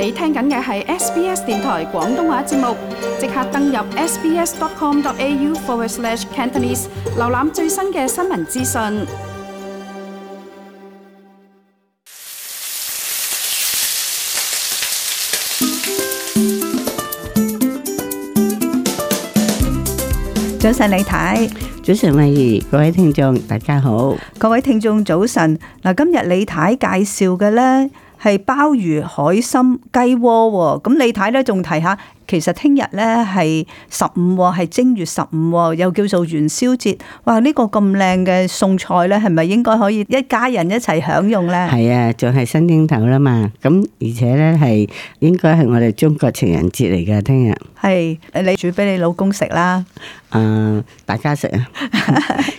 你聽緊嘅係 SBS 電台廣東話節目，即刻登入 sbs.com.au/cantonese 瀏覽最新嘅新聞資訊。早晨李太，早晨麗儀，各位聽眾大家好，各位聽眾早晨。嗱，今日李太介紹嘅咧，係鮑魚、海參、雞窩，咁你睇咧，仲提下，其實聽日咧係十五，係正月十五，又叫做元宵節。哇！呢個咁靚嘅餸菜咧，係咪應該可以一家人一齊享用咧？係啊，仲係新青頭啦嘛。咁而且咧係，應該係我哋中國情人節嚟嘅，聽日。係，你煮俾你老公食啦。誒、呃，大家食啊！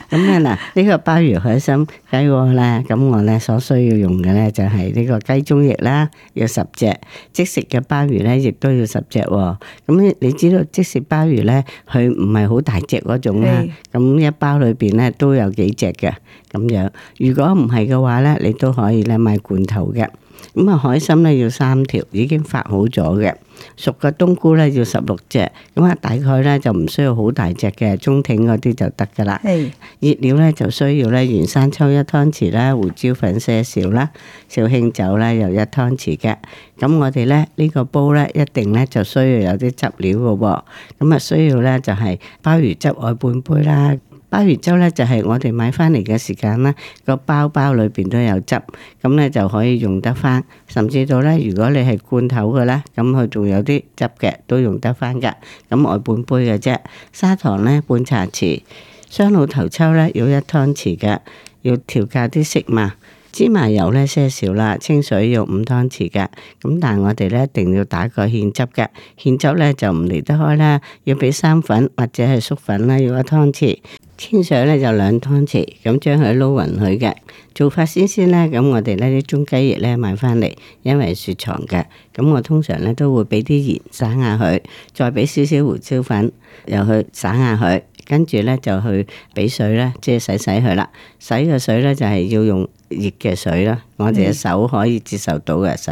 咁咧嗱，這個、鮑呢個鮑魚海參雞鍋咧，咁我咧所需要用嘅咧就係呢個雞中翼啦，有十隻即食嘅鮑魚咧，亦都要十隻喎、哦。咁你知道即食鮑魚咧，佢唔係好大隻嗰種啦、啊，咁的一包裏邊咧都有幾隻嘅咁樣。如果唔係嘅話咧，你都可以咧買罐頭嘅。咁啊，海參咧要三條，已經發好咗嘅；熟嘅冬菇咧要十六隻。咁啊，大概咧就唔需要好大隻嘅，中挺嗰啲就得噶啦。係。熱料咧就需要咧原生抽一湯匙啦，胡椒粉些少啦，紹興酒咧又一湯匙嘅。咁我哋咧呢個煲咧一定咧就需要有啲汁料嘅。咁啊需要咧就係鮑魚汁外半杯啦。鮑魚汁咧就係我哋買翻嚟嘅時間啦，個包包裏邊都有汁，咁咧就可以用得翻。甚至到咧，如果你係罐頭嘅咧，咁佢仲有啲汁嘅，都用得翻㗎。咁外半杯嘅啫，砂糖咧半茶匙，雙老頭抽咧要一湯匙嘅，要調校啲色嘛。芝麻油咧些少啦，清水要五湯匙嘅。咁但係我哋咧一定要打個芡汁嘅，芡汁咧就唔離得開啦，要俾生粉或者係粟粉啦，要一湯匙。清水咧就兩湯匙，咁將佢撈勻佢。嘅做法先先呢，咁我哋呢啲中雞翼呢，買翻嚟，因為雪藏嘅，咁我通常呢都會俾啲鹽灑下佢，再俾少少胡椒粉又去灑下佢，跟住呢就去俾水咧即係洗洗佢啦。洗嘅水呢，就係要用熱嘅水啦，我哋嘅手可以接受到嘅洗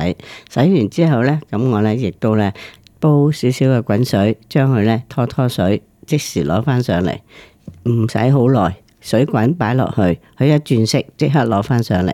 洗完之後呢，咁我呢亦都呢煲少少嘅滾水，將佢呢拖拖水，即時攞翻上嚟。唔使好耐，水滾擺落去，佢一轉色即刻攞翻上嚟，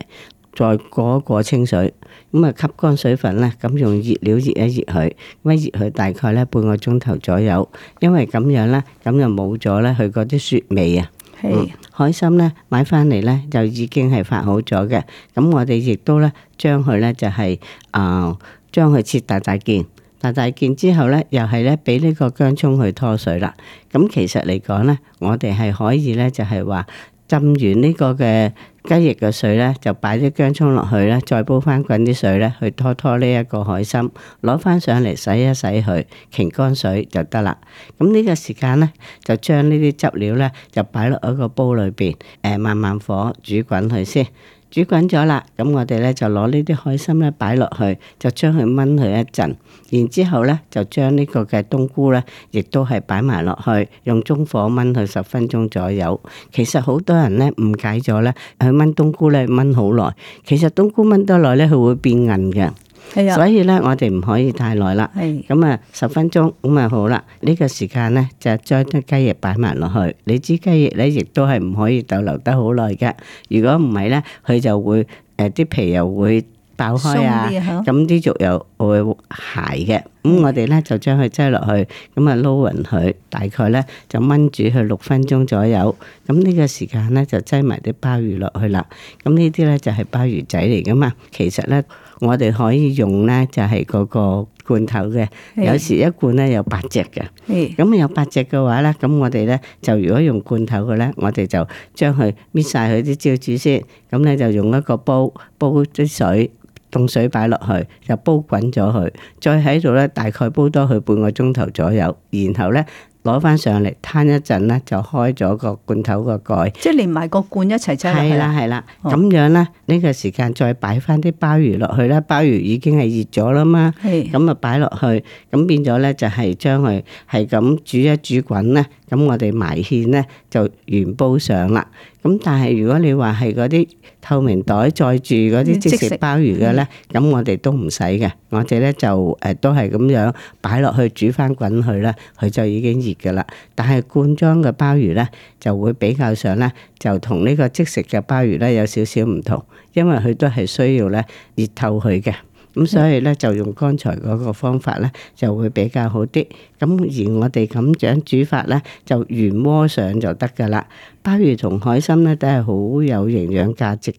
再過一過清水，咁啊吸乾水分呢，咁用熱料熱一熱佢，咁熱佢大概呢半個鐘頭左右，因為咁樣呢，咁就冇咗呢佢嗰啲雪味啊。係是、嗯、海參呢，買翻嚟呢，就已經係發好咗嘅，咁我哋亦都呢、就係呃，將佢呢，就係啊將佢切大大件。嗱大件之後呢，又係呢俾呢個薑蔥去拖水啦。咁其實嚟講呢，我哋係可以呢，就係話浸完呢個嘅雞翼嘅水呢，就擺啲薑蔥落去呢，再煲翻滾啲水呢，去拖拖呢一個海參，攞翻上嚟洗一洗佢，擎乾水就得啦。咁呢個時間呢，就將呢啲汁料呢，就擺落喺個煲裏邊，誒、呃、慢慢火煮滾佢先。煮滾咗啦，咁我哋咧就攞呢啲海參咧擺落去，就將佢炆佢一陣，然之後咧就將呢個嘅冬菇咧亦都係擺埋落去，用中火炆佢十分鐘左右。其實好多人咧誤解咗咧，佢炆冬菇咧炆好耐，其實冬菇炆多耐咧佢會變韌嘅。所以咧，我哋唔可以太耐啦。咁啊的，十分鐘咁啊，好啦。呢個時間咧，就將啲雞翼擺埋落去。你知，雞翼咧，亦都係唔可以逗留得好耐噶。如果唔係咧，佢就會誒啲、呃、皮又會爆開啊。咁啲的肉又會鞋嘅。咁的我哋咧就將佢擠落去，咁啊撈勻佢，大概咧就炆煮佢六分鐘左右。咁呢個時間咧就擠埋啲鮑魚落去啦。咁呢啲咧就係、是、鮑魚仔嚟噶嘛。其實咧。我哋可以用咧，就係嗰個罐頭嘅，有時一罐咧有八隻嘅。咁啊有八隻嘅話咧，咁我哋咧就如果用罐頭嘅咧，我哋就將佢搣晒佢啲招紙先焦，咁咧就用一個煲煲啲水，凍水擺落去，就煲滾咗佢，再喺度咧大概煲多佢半個鐘頭左右，然後咧。攞翻上嚟攤一陣咧，就開咗個罐頭個蓋，即係連埋個罐一齊出嚟。係啦係啦，咁、啊哦、樣咧，呢、呢個時間再擺翻啲鮑魚落去啦，鮑魚已經係熱咗啦嘛。係是，咁啊擺落去，咁變咗咧就係將佢係咁煮一煮滾咧，咁我哋埋芡咧就原煲上啦。咁但係如果你話係嗰啲透明袋載住嗰啲即食鮑魚嘅咧，咁即食，我哋都唔使嘅。我哋咧就誒都係咁樣擺落去煮翻滾佢啦，佢就已經熱噶啦。但係罐裝嘅鮑魚咧就會比較上咧就同呢個即食嘅鮑魚咧有少少唔同，因為佢都係需要咧熱透佢嘅。咁、嗯、所以咧就用剛才嗰個方法咧就會比較好啲。咁而我哋咁樣煮法咧就原鍋上就得㗎啦。鮑魚同海參咧都係好有營養價值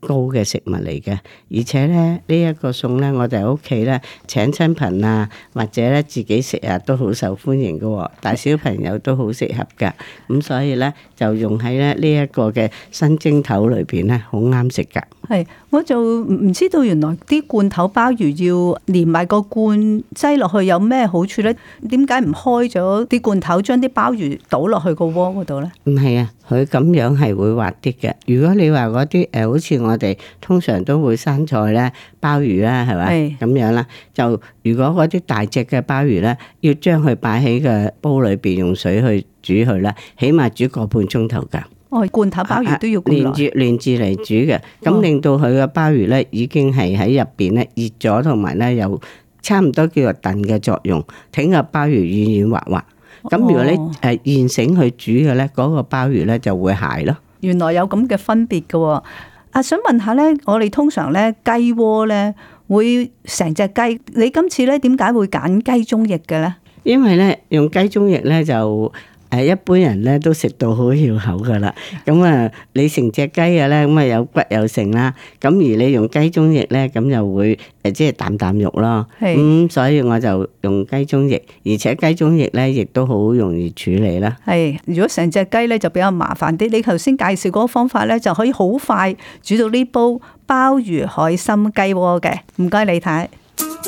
高嘅食物嚟嘅，而且咧呢一個餸咧，我哋喺屋企咧請親朋啊，或者咧自己食啊都好受歡迎嘅喎，大小朋友都好適合㗎，咁所以咧就用喺咧呢一個嘅新蒸頭裏邊咧好啱食㗎。係，我就唔知道原來啲罐頭鮑魚要連埋個罐擠落去有咩好處咧？點解唔開咗啲罐頭將啲鮑魚倒落去個鍋嗰度咧？唔係啊！佢咁樣係會滑啲嘅。如果你話嗰啲誒，好似我哋通常都會生菜咧、鮑魚啦，係咪咁樣啦。就如果嗰啲大隻嘅鮑魚咧，要將佢擺喺個煲裏邊用水去煮佢咧，起碼煮個半鐘頭㗎。哦，罐頭鮑魚都要攰、啊。連住連住嚟煮嘅，咁、嗯、令到佢嘅鮑魚咧已經係喺入邊咧熱咗，同埋咧有差唔多叫做燉嘅作用，整個鮑魚軟軟滑滑。咁如果你誒現成去煮嘅咧，嗰、那個鮑魚咧就會蟹咯。原來有咁嘅分別㗎喎。啊，想問下咧，我哋通常咧雞鍋咧會成隻雞，你今次咧點解會揀雞中翼嘅咧？因為咧用雞中翼咧就。誒一般人咧都食到好翹口噶啦，咁啊你成隻雞嘅咧咁啊有骨有剩啦，咁而你用雞中翼咧咁又會誒即係啖啖肉咯，咁係，嗯，所以我就用雞中翼，而且雞中翼咧亦都好容易處理啦。係，如果成隻雞咧就比較麻煩啲，你頭先介紹嗰個方法咧就可以好快煮到呢煲鮑魚海參雞鍋嘅，唔該你睇。